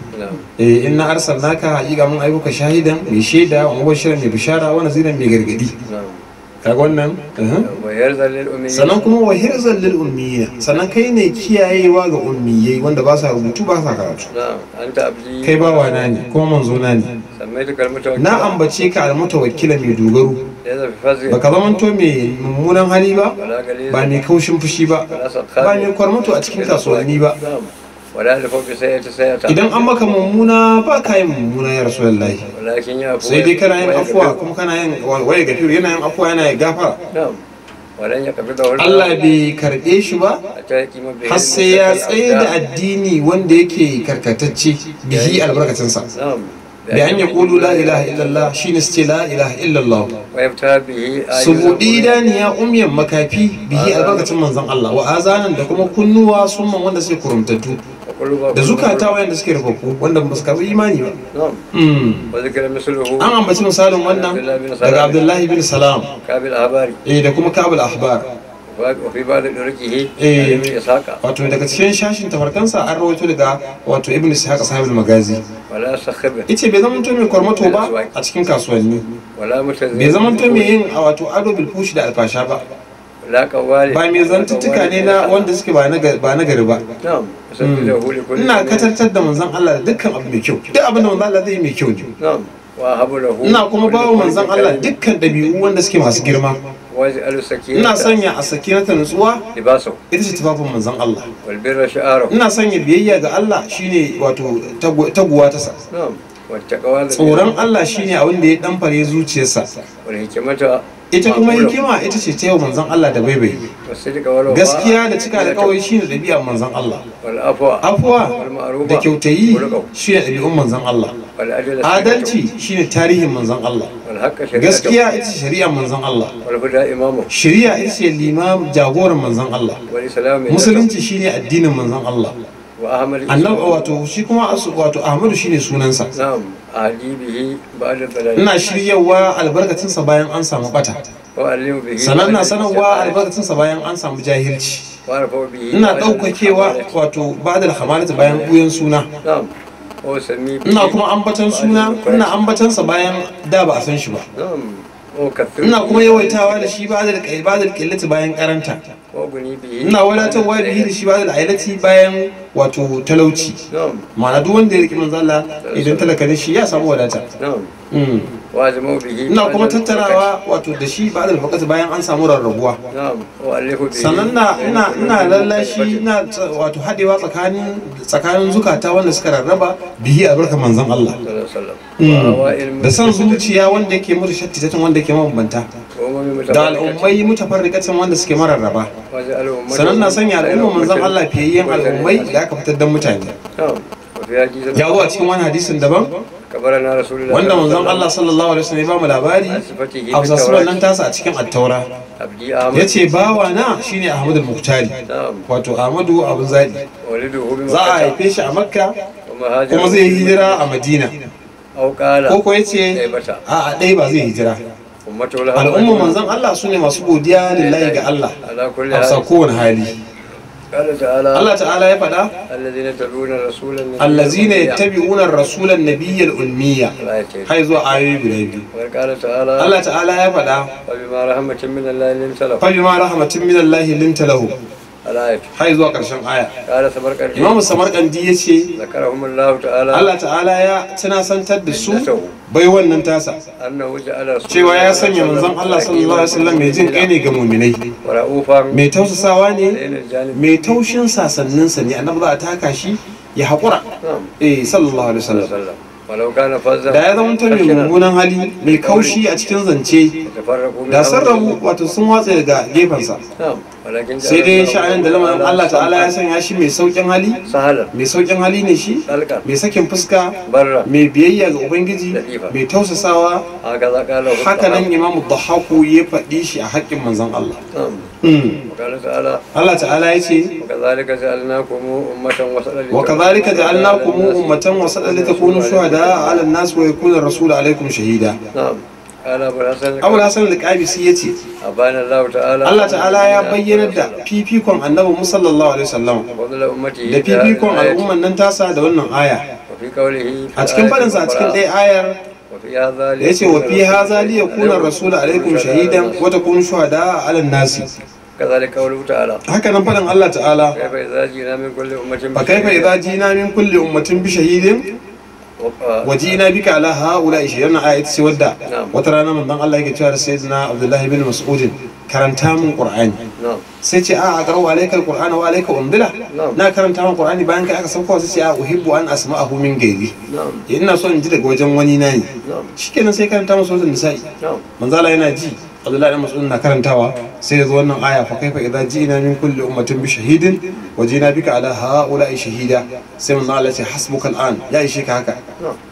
eh inna arsalnaka haqiqa mun ayyuka shahidan mai shaida wa mubashiran mai bishara wa naziran mai gargadi kaga wannan sannan kuma wa hirzan ummiya sannan kai ne kiyayewa ga ummiyai wanda ba sa rubutu ba sa karatu kai ba wana ne kuma manzo na ne na ambace ka almutawakkila mai dogaro baka zamanto mai mummunan hali ba ba mai kaushin fushi ba ba mai kwarmato a cikin kasuwanni ba sai sai ta idan an maka mummuna ba ka yin mummuna ya rasu walakin sai dai kana yin afuwa kuma kana yin waye gafiru yana yin afuwa yana ya gafa Allah bai karɓe shi ba har sai ya tsaye da addini wanda yake karkatacce bihi albarkacinsa da an yaqulu la ilaha illallah ne su ce la ilaha illallah su buɗi idaniya umyan makafi bihi albarkacin manzan Allah wa azanan da kuma kunnuwa summan wanda sai kurumtattu da zukata wayanda suke koko wanda ba su karbi imani ba hmm. an ambaci misalin wannan daga abdullahi bin salam eh da kuma kabil ahbar wafi ba da ɗorki he wato daga cikin shashin tafarkansa an rawaito daga wato ibn ishaq sahibul magazi wala sakhaba bai zama mutum mai kwarmato ba a cikin kasuwanni bai zama mutum mai yin wato ado bil fushi da alfasha ba ba mai zantuttuka ne na wanda suke ba na gari ba hmm. ina katartar da manzan Allah da dukkan abu mai kyau duk abin da manzan Allah zai yi mai kyau ne ina kuma bawa manzan Allah dukkan ɗabi'u wanda suke masu girma ina sanya a sakinata nutsuwa ita ce tufafin manzon Allah ina sanya biyayya ga Allah shine wato taguwa ta sa tsoron Allah shine abin da ya danfare zuciyarsa ita kuma hikima ita ce ta manzon Allah da baibai gaskiya da cika da kawai shine ɗabi'a manzon Allah afwa da kyautayi ne dabi'un manzon Allah adalci shi ne tarihin manzon Allah gaskiya ita ce shari'ar manzon Allah shari'a ita ce limam jagoran manzon Allah musulunci shi ne addinin manzon Allah annabi wato shi kuma wato Ahmadu shine sunansa ina shiryawa albarkacinsa bayan an samu bata sanan na sanarwa albarkacinsa bayan an samu jahilci ina ɗaukakewa wato ba da hamalata bayan ɓuyan suna ina kuma ambatan suna ina sa bayan da ba a san shi ba ina kuma yawaitawa da shi ba da ƙillata bayan karanta ina wadatar wa bihi da shi ba da ailati bayan wato talauci ma'ana duk wanda ya riƙi manzo Allah idan talaka da shi ya samu wadata mm. ina kuma tattarawa wato da shi ba da fakata bayan an samu rarrabuwa sannan na ina ina lallashi ina wato hadewa tsakanin tsakanin zukata wanda suka rarraba bihi a barka manzon Allah mm. da san zuciya wanda yake mutu shatti wanda yake mabambanta da al'ummai mutafarriqatin wanda suke mararraba sanan na sanya al'umma manzan Allah fiye yin al'ummai da aka fitar dan mutane ya zo a cikin wani hadisin daban wanda manzan Allah sallallahu alaihi wasallam ya bamu labari a sasuran nan tasa a cikin attaura ya ce bawa na shine Ahmadu muqtali wato Ahmadu Abu Zadi za a haife shi a Makka kuma zai hijira a Madina ko ko yace a a dai ba zai hijira al'umma manzon Allah su ne masu godiya lillahi ga Allah a bisa kowane hali Allah ta'ala ya faɗa allazina yattabi'una ar-rasula an-nabiyya al-ummiyya hay zuwa ayoyi guda biyu Allah ta'ala ya faɗa fa bima rahmatin min Allah linta lahu har zuwa ƙarshen aya imamu samarkandi ya ce Allah ta'ala ya tunasantar da su bai wannan tasa cewa ya sanya manzon Allah sallallahu alaihi wasallam mai jin kai ne ga muminai mai tausasawa ne mai taushin sasanninsa ne annabi za a taka shi ya haƙura eh sallallahu alaihi wasallam da ya zama mai mummunan hali mai kaushi a cikin zance da sarrafu wato sun watsa daga gefensa sai dai sha'anin da lama Allah ta'ala ya sanya shi mai saukin hali mai saukin hali ne shi mai sakin fuska mai biyayya ga ubangiji mai tausasawa haka nan imamu dhahaku ya faɗi shi a haƙƙin manzon Allah hmm. Allah ta'ala ya ce wa kadhalika ja'alnakum ummatan wasatan litakunu shuhada 'ala an-nas wa yakuna ar 'alaykum shahida abul hasan al-qabisi yace Allah ta'ala ya bayyana da fifikon annabi mu alaihi wasallam da fifikon al'umman nan tasa da wannan aya a cikin fadin sa a cikin dai ayar da yace wa fi hadha li yakuna rasul alaikum shahidan wa takunu shuhada ala nasi كذلك قوله تعالى هكذا فلن الله تعالى كيف إذا جينا من كل أمة بشهيد فكيف إذا wajina bika ala haula ishe yana aya ita ce wadda wata rana dan Allah yake cewa sayyidina Abdullahi bin Mas'ud karanta min Qur'ani sai ce a aqra'u alayka al-Qur'ana wa alayka unzila na karanta mun Qur'ani bayan kai aka sauko sai ce a uhibbu an asma'ahu min gairi ina so in ji daga wajen wani na ne shikenan sai karanta mun wajen nisa'i manzala yana ji abdullahi dan mas'ud na karantawa sai yazo wannan aya fa kaifa ji ji'na min kulli ummatin bi shahidin wa ji'na bika ala haula'i shahida sai manzon Allah ce hasbuka al'an ya ishe ka haka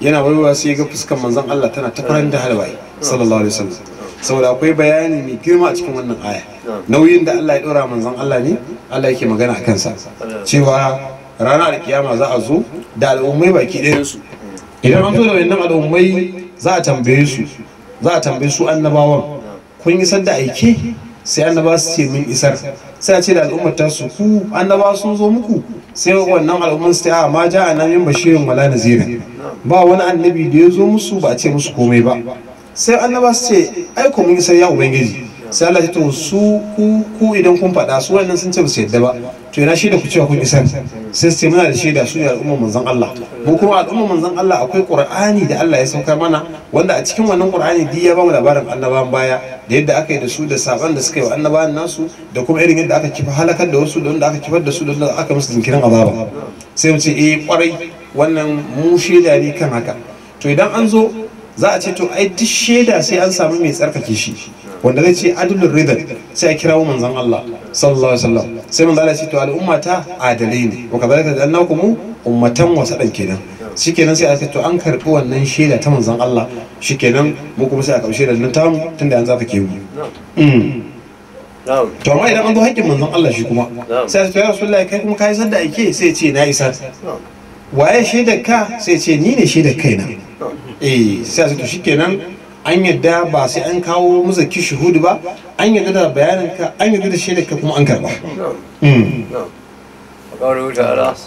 yana waiwa sai ga fuskar manzon Allah tana ta da halwaye sallallahu alaihi wasallam saboda akwai bayani mai girma a cikin wannan aya nauyin da Allah ya dora manzon Allah ne Allah yake magana a kansa cewa ranar kiyama za a zo da al'ummai baki ɗayan su idan an zo da wayannan al'ummai za a tambaye su za a tambaye su annabawan kun isar da aike sai annaba su ce mun isar sai a ce da al'ummar ta su ku annaba sun zo muku sai wannan al'ummar su ta a ma ja ana yin bashirin wala nazirin ba wani annabi da ya zo musu ba a ce musu komai ba sai annaba su ce ai mun isar ya ubangiji sai Allah ya tun su ku ku idan kun faɗa su wannan sun ce ba su yadda ba to yana shaida ku cewa kun isar sai su ce muna da shaida su ne al'ummar manzon Allah mu kuma al'ummar manzon Allah akwai Qur'ani da Allah ya saukar mana wanda a cikin wannan Qur'ani duk ya bamu labarin annabawan baya da yadda aka yi da su da saban da suka yi wa annabawan nasu da kuma irin yadda aka kifa halakar da wasu da wanda aka kifar da su da wanda aka musu jinkirin azaba sai mu ce eh kwarai wannan mu shaida ne kan haka to idan an zo za a ce to ai duk shaida sai an samu mai tsarkake shi wanda zai ce adalul ridan sai a kirawo manzon Allah sallallahu alaihi wasallam sai manzon Allah ya ce to al'umma ta adalai ne wa kadalika da mu ummatan wasadan kenan shikenan sai a ce to an karbi wannan shaida ta manzon Allah shikenan mu kuma sai a kaushe da nan tamu tunda an zaka ke mu mm. to amma idan an zo haƙƙin manzon Allah shi kuma sai a ce ya rasulullahi kai kuma kai sadda ake sai ya ce na isa waye shaidar ka sai ya ce ni ne shaidar kaina eh sai a to kenan an yadda ba sai an kawo musa kishi hudu ba an yadda da bayanin ka an yadda da shaidar ka kuma an karba hmm.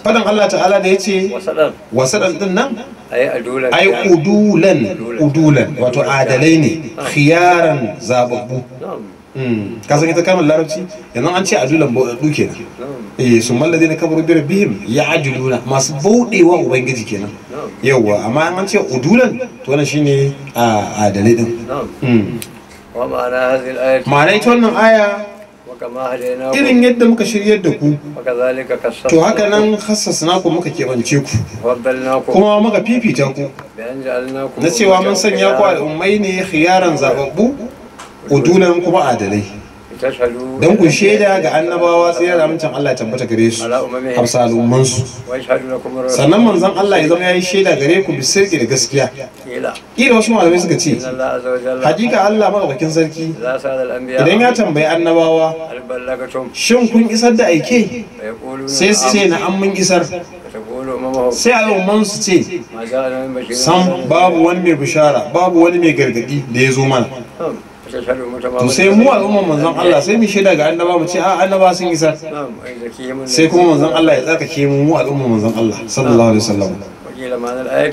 fadan Allah ta'ala da ya ce wasaɗan ɗin nan ai udulan udulan wato adalai ne khiyaran zababbu Hmm. ka san ita kamar larabci yanzu an ce adulan bauɗaɗɗu kenan eh sun mallade na kabar biyar bihim ya ajuluna masu bauɗewa ubangiji kenan yawwa amma an ce udulan to wannan shine a adalai din hmm. ma'ana ita wannan aya irin yadda muka shiryar da ku to haka nan hassasna ku muka keɓance ku kuma muka fifita ku na cewa mun sanya ku al'ummai ne khiyaran zababbu Udunan kuma adalai don ku shaida ga annabawa sai ya ramcin Allah tabbata gare su hafsa al'umman su sannan manzon Allah ya zama ya yi shaida gare ku bi sirri da gaskiya kila wasu malamai suka ce hakika Allah madaukakin sarki idan ya tambayi annabawa shin kun isar da aike sai su ce na an mun isar sai al'umman su ce san babu wani mai bishara babu wani mai gargadi da ya zo mana to sai mu al'umman manzon Allah sai mu shaida ga annaba mu ce a annaba sun isa sai kuma manzon Allah ya tsarkake mu mu al'umman manzon Allah sallallahu alaihi wasallam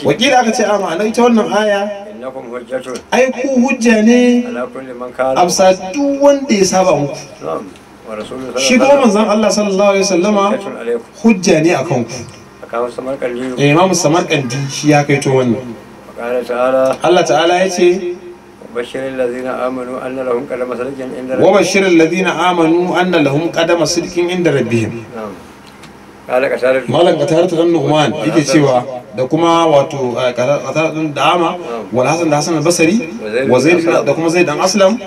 wakila aka ce a ma'ana ita wannan aya ai ku hujja ne amsa duk wanda ya saba muku shi kuma manzon Allah sallallahu alaihi wasallama hujja ne akan ku eh imamu samarkandi shi ya kai to wannan Allah ta'ala ya ce وبشر الذين آمنوا أن لهم قدم صدق عند ربهم وبشر الذين آمنوا أن لهم قدم صدق عند ربهم نعم malam qatarat dan nuhman yake cewa da kuma wato qatarat eh, dan da'ama ah. wani hasan da hasan basari basri wa da kuma zai dan aslam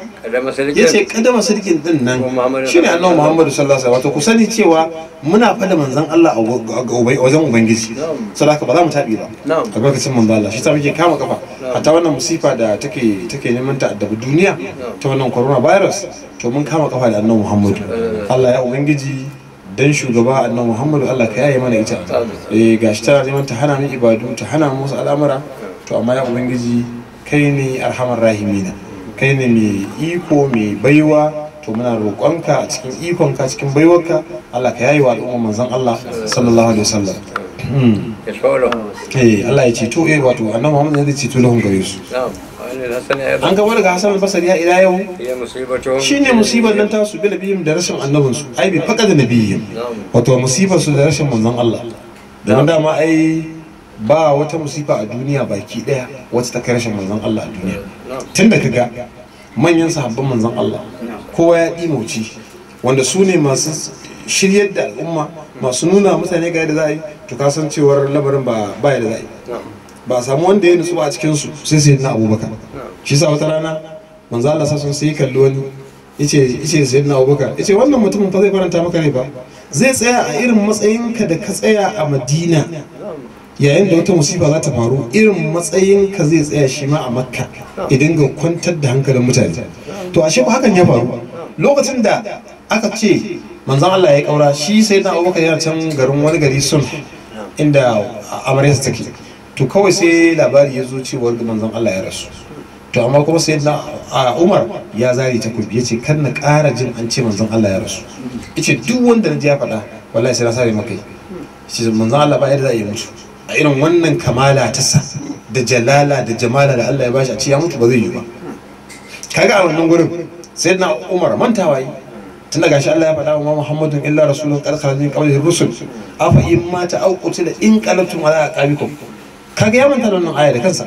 yace kadama sadiqin din nan shine annabi muhammadu sallallahu alaihi wasallam ku sani cewa muna fada manzon Allah a wajen ubangiji saboda ba za mu tabi ba a lokacin manzon Allah shi ta muke kama kafa hatta wannan musifa da take take neman ta addabi duniya ta wannan corona virus to mun kama kafa da annabi muhammadu Allah ya ubangiji dan shugaba annabi muhammadu allah ka yaye mana ita eh gashi tana neman ta hana min ibadu ta hana mu wasu al'amura to amma ya ubangiji kai ne arhamar rahimina kai ne mai iko mai baiwa to muna roƙonka a cikin ikonka cikin baiwarka allah ka yaye wa al'umma manzon allah sallallahu alaihi wasallam hmm. eh Allah ya ceto eh wato annabi Muhammad zai ceto lahum gare su an ga daga gasar basari ya ila yau shine musibar nan tasu bi nabiyyin da rashin annabinsu ai bi faqad nabiyyin wato musibar su da rashin manzon Allah da na dama ai ba wata musifa a duniya baki daya wata ta kai rashin manzon Allah a duniya tun ka kaga manyan sahabban manzon Allah kowa ya mauci wanda su ne masu shiryar da al'umma masu nuna mutane ga yadda za a yi to kasancewar lamarin ba ya da za a ba a samu wanda ya nutsu ba a cikinsu su sai sai na abubakar shi sa wata rana manzo Allah sun sai kalli wani yace yace sai na abubakar yace wannan mutumin fa zai faranta maka ne ba zai tsaya a irin matsayinka da ka tsaya a madina yayin da wata musiba za ta faru irin matsayinka zai tsaya shi ma a makka idan ga kwantar da hankalin mutane to ashe ba hakan ya faru lokacin da aka ce manzan Allah ya kaura shi sai na abubakar yana can garin wani gari sun inda amaryarsa take to kawai sai labari ya zo cewar manzon Allah ya rasu to amma kuma sai na Umar ya zari ta kubi yace kar na ƙara jin an ce manzon Allah ya rasu yace duk wanda na ji ya faɗa wallahi sai na sare maka shi manzon Allah ba yadda za a yi mutu a irin wannan kamala ta sa da jalala da jamala da Allah ya bashi a ce ya mutu ba zai yi ba kaga a wannan gurin sai na Umar mantawa yi tun gashi Allah ya faɗa wa Muhammadun illa rasulun qad khalajin qawlihi rusul afa in mata aw qutila in qalatum ala aqabikum kaga ya manta wannan aya da kansa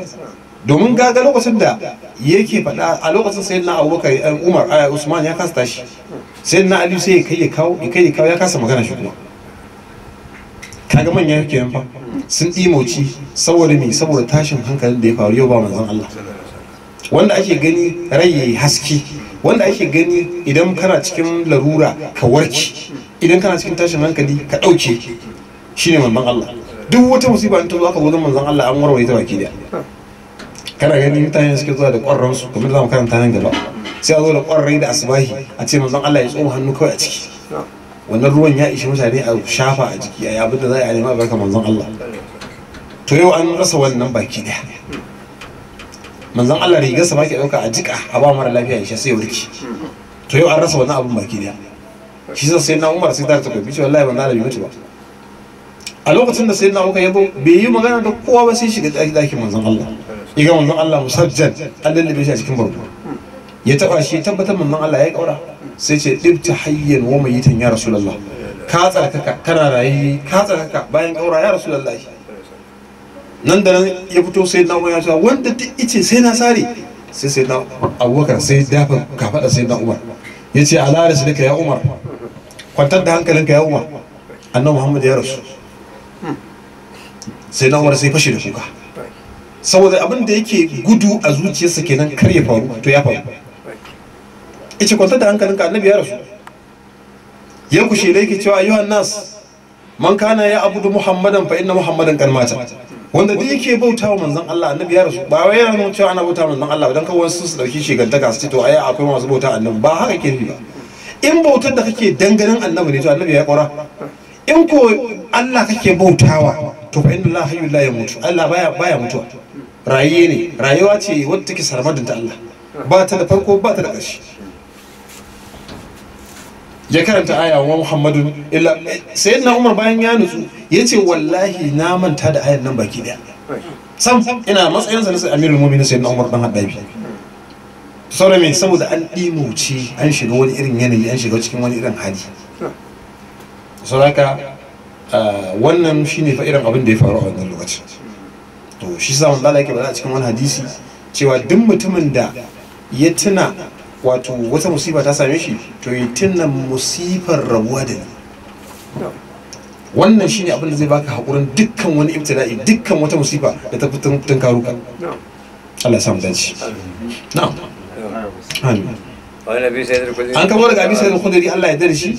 domin ga lokacin da yake faɗa a lokacin sai na abubakar eh, umar aya eh, usman ya kasa tashi sai na ali sai kai ya kawo kai kasa magana shi kuma kaga manya yake yan fa sun dimoci saboda me saboda tashin hankalin da ya faru yau ba manzon Allah wanda ake gani rai yayi haske wanda ake gani idan kana cikin larura ka warke idan kana cikin tashin hankali ka ɗauke shine manzon Allah duk wata musiba in ta zo aka zo Manzan Allah an warware ta baki da kana gani mutane suke zuwa da ƙwarran su kuma zamu karanta nan gaba sai a zo da ƙwarrai da asbahi a ce manzon Allah ya tsoma hannu kawai a ciki wannan ruwan ya ishi mutane a shafa a jiki a abin da za a nema barka manzon Allah to yau an rasa wannan baki daya manzon Allah rigarsa ba ke ɗauka a jika a ba mara lafiya ya sha sai ya warke to yau an rasa wannan abin baki daya shi sai na Umar sai ta tafi wallahi ban da mutu ba a lokacin da sayyidina abubakar ya zo bai yi magana da kowa ba sai shiga ɗakin manzon Allah ya ga manzon Allah musajjan an lallabe shi a cikin barko ya taba shi tabbatar manzon Allah ya kaura sai ce dibta hayyan wa mayitan ya rasulullah ka tsarkaka kana rayi ka tsarkaka bayan kaura ya rasulullah nan da nan ya fito sai na ya ce wanda duk ice sai na sare sai sai na abubakar sai dafa ka faɗa sai na umar ya ce ala rasulika ya umar kwantar da hankalinka ya umar annabi muhammad ya rasu sai na umar sai fashe da kuka saboda abin da yake gudu a zuciyarsa kenan kar ya faru to ya faru ice kwantar da ka annabi ya rasu ya kushe da yake cewa ayyuhan nas man kana ya abudu muhammadan fa inna muhammadan kan mata wanda duk yake wa manzon Allah annabi ya rasu ba wai yana nuna cewa ana bautawa manzon Allah dan kawai su su dauki shi ga su ce to ai akwai masu bauta annabi ba haka ke ba in bautar da kake danganin annabi ne to annabi ya kora in ko Allah kake bautawa to fa inna Allah hayyul la yamutu Allah baya baya mutuwa rayi ne rayuwa ce wadda take sarmadin ta Allah ba ta da farko ba ta da ƙarshe ya karanta aya wa Muhammadu illa eh, sayyidina Umar bayan ya nutsu yace wallahi na manta da ayan nan baki daya sam ina matsayin na Amirul Mu'minin sayyidina Umar dan Haddabi sore me saboda an ɗimauce an shiga wani irin yanayi an shiga cikin wani irin hali ka. Ah, wannan shine fa irin abin da ya faru a wannan lokacin to shi sa manzo ba za a cikin wani hadisi cewa duk mutumin da ya tuna wato wata musifa ta same shi to ya tuna musifar rabuwa da ni wannan shine abin da zai baka hakurin dukkan wani ibtila'i dukkan wata musifa da ta fitin karuka Allah ya samu dace na'am amin an kamo daga abisa da kudiri Allah ya dare shi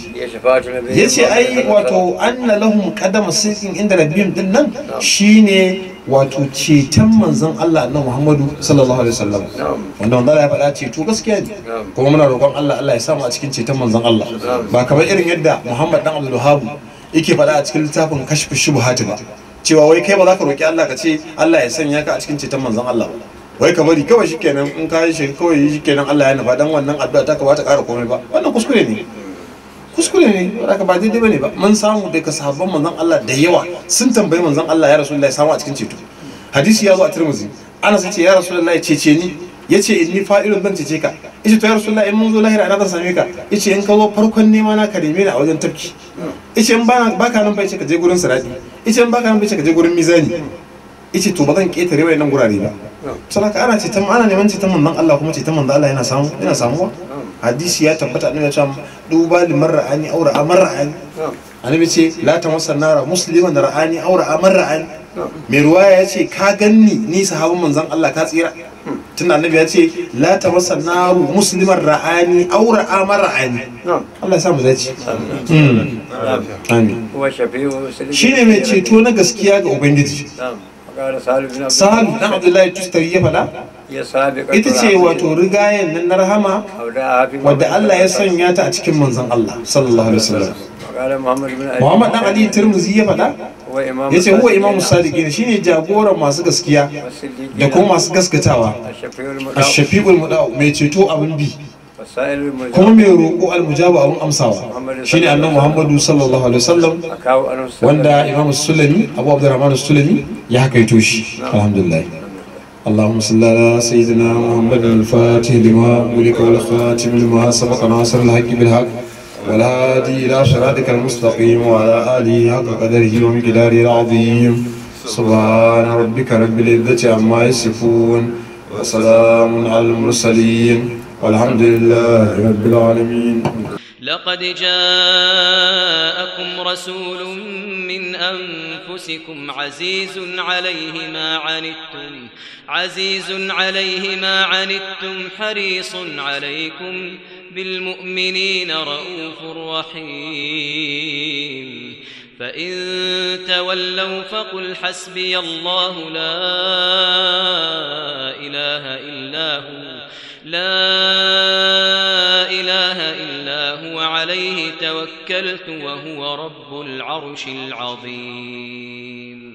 ya ce ai wato anna lahum qadama sirrin inda rabbihim din nan shine wato ceton manzon Allah na Muhammadu sallallahu alaihi wasallam wanda wanda ya faɗa ceto gaskiya ne kuma muna roƙon Allah Allah ya samu a cikin ceton manzon Allah ba kamar irin yadda Muhammad dan Abdul Wahhab yake faɗa a cikin littafin kashfu shubuhati ba cewa wai kai ba za ka roƙi Allah ka ce Allah ya sanya ka a cikin ceton manzon Allah ba wai ka bari kawai shikenan in ka yi shi kawai shikenan Allah ya nufa dan wannan addu'a ta ka ba ƙara komai ba wannan kuskure ne kuskure ne ka ba daidai bane ba mun samu ka sahabban manzon Allah da yawa sun tambayi manzon Allah ya rasulullahi samu a cikin ceto hadisi ya zo a Tirmidhi Anas yace ya rasulullahi cece ni yace inni fa'ilun zan cece ka yace to ya rasulullahi in mun zo lahira ina zan same ka yace in ka zo farkon nema na ka neme ni a wajen tafki yace in baka nan bai ce ka je gurin sirati yace in baka nan bai ce ka je gurin mizani ice to ba zan ƙetare wayannan gurare ba saboda ana tamma ana neman ceton dan Allah kuma ceton manzon Allah yana samu yana samuwa hadisi ya tabbata annabi ce duba liman ra'ani aura amar ra'ani annabi ce la tamassan nara musliman ra'ani aura amar ra'ani mai ruwaya ya ce ka ganni ni sahabin manzon Allah ka tsira tun annabi ya ce la tamassan naru musliman ra'ani aura amar ra'ani Allah ya samu zaci hmm. amin shine mai ceto na gaskiya ga ubangiji sahal na abdullahi tustari ya faɗa ita ce wato rigayen nan na rahama wadda Allah ya sanya ta a cikin manzan Allah sallallahu alaihi wasallam Muhammad ɗan Ali Tirmidhi ya faɗa yace huwa imamu sadiqin shine jagoran masu gaskiya da kuma masu gaskatawa ash-shafi'ul mudau mai ceto abin bi kuma mai roƙo almujaba abun amsawa shine صلى muhammadu sallallahu alaihi wasallam wanda imam sulami abu abdurrahman sulami ya hakaito shi alhamdulillah اللهم صل على سيدنا محمد الفاتح لما أملك والخاتم لما سبق ناصر الحق بالحق والهادي إلى شرادك المستقيم وعلى آله حق قدره ومقداره العظيم سبحان ربك رب العزة عما يصفون وسلام على المرسلين والحمد لله رب العالمين لقد جاءكم رسول من أنفسكم عزيز عليه ما عنتم عزيز عليه ما عنتم حريص عليكم بالمؤمنين رؤوف رحيم فإن تولوا فقل حسبي الله لا إله إلا هو لا إله إلا هو عليه توكلت وهو رب العرش العظيم